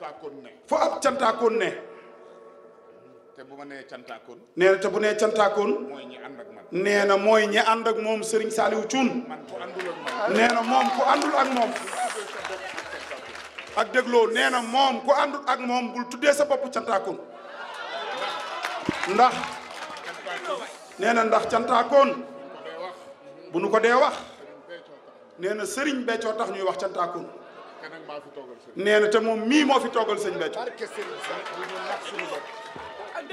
cantaakoon ne. fu ab cantaakoon ne. te bu ma nee cantaakoon. nee te bu ne cantaakoon. mooy ñi na mooy ñi ànd ak moom Serigne Saliou Thioune. man ku moom. nee na moom ku àndul ak moom. ak dégloo nee na moom ku àndul ak moom bul tuddee sa bopp cantaakoon. ndax. nee na ndax cantaakoon. bu nu ko dee wax. nee na Serigne Béthio tax ñuy wax cantaakoon. nee na te moom mii moo fi toogal sëñ Béthio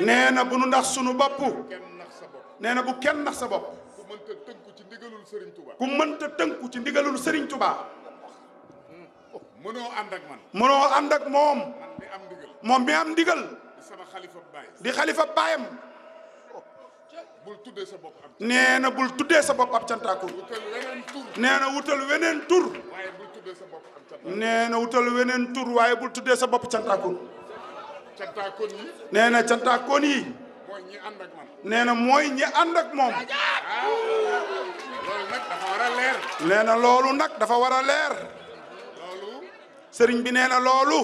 nee na bu nu ndax sunu bopp nee na bu kenn ndax sa bopp ku mënta tënku ci ndigalul sëriñ Touba ku mënta tënku ci ndigalul sëriñ Touba mënoo ànd ak man mënoo ànd moom moom mi am ndigal di xalifa di xalifa baayam bul tuddee sa bopp ab nee na bul tuddee sa bopp ab cantaaku nee wutal weneen tur nee na wutal weneen tur waaye bul tuddee sa bopp cantaakon nee na cantaakon yi nee na mooy ñi ànd ak moom nee na loolu nag dafa war a leer sëriñ bi nee na loolu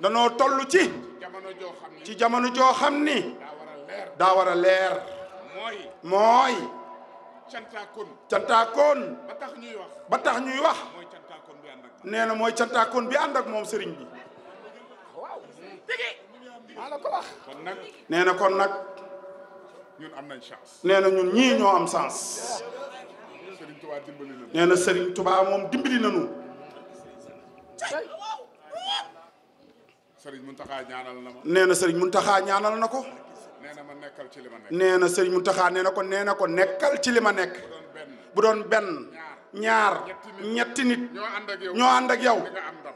danoo toll ci ci jamono joo xam ni daa war a leer mooy cantaakoon. cantaakoon. ba tax ñuy wax. ba tax ñuy wax. mooy cantaakoon bi ànd ak. nee na mooy cantaakoon bi ànd ak moom sëriñ bi. waaw. maa ko nag. nee na kon nag. ñun am nañ chance. nee na ñun ñii ñoo am chance. Serigne Touba dimbali nañu. nee na Serigne Touba moom dimbali nañu. Serigne Mountakha ñaanal na ma. nee na Serigne Mountakha na ko. nee serigne moutakha Mountakha ko nee ko nekkal ci lima nek bu don ben ñaar ñetti nit ño and ak yow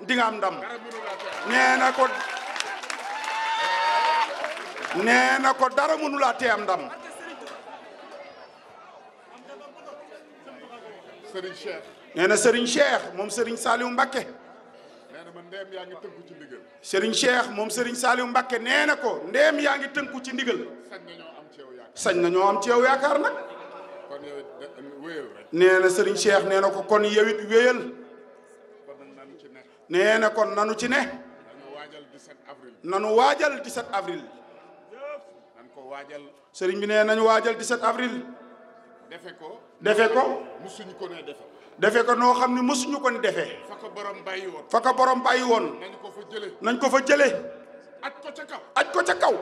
di nga am ndam nee ko nee ko dara mënu la tey am ndam cheikh serigne Cheikh mom serigne salihou ndeem yaa ngi tënku ci ndigal. Serigne Cheikh moom Serigne Saliou Mbacké nee na ko ndeem yaa ngi tënku ci ndigal. sañ nañoo am ci yow yaakaar sañ nañoo am ci yow yaakaar nag. kon yow it um, wéyal rek. nee na Serigne Cheikh nee na ko kon yow it wéyal. nee na kon nanu ci ne. nanu waajal 17 avril. nanu waajal 17 avril. nan ko waajal. Serigne bi nee nañu waajal 17 avril. defe ko defe ko. musuñu ko ne defe. defe ko noo xam ne mësuñu ko ne defee. fa ko borom bàyyi woon. fa ko borom bàyyi woon. nañ ko fa jëlee. nañ ko fa jëlee. aj ko ca kaw aj ko ca kaw.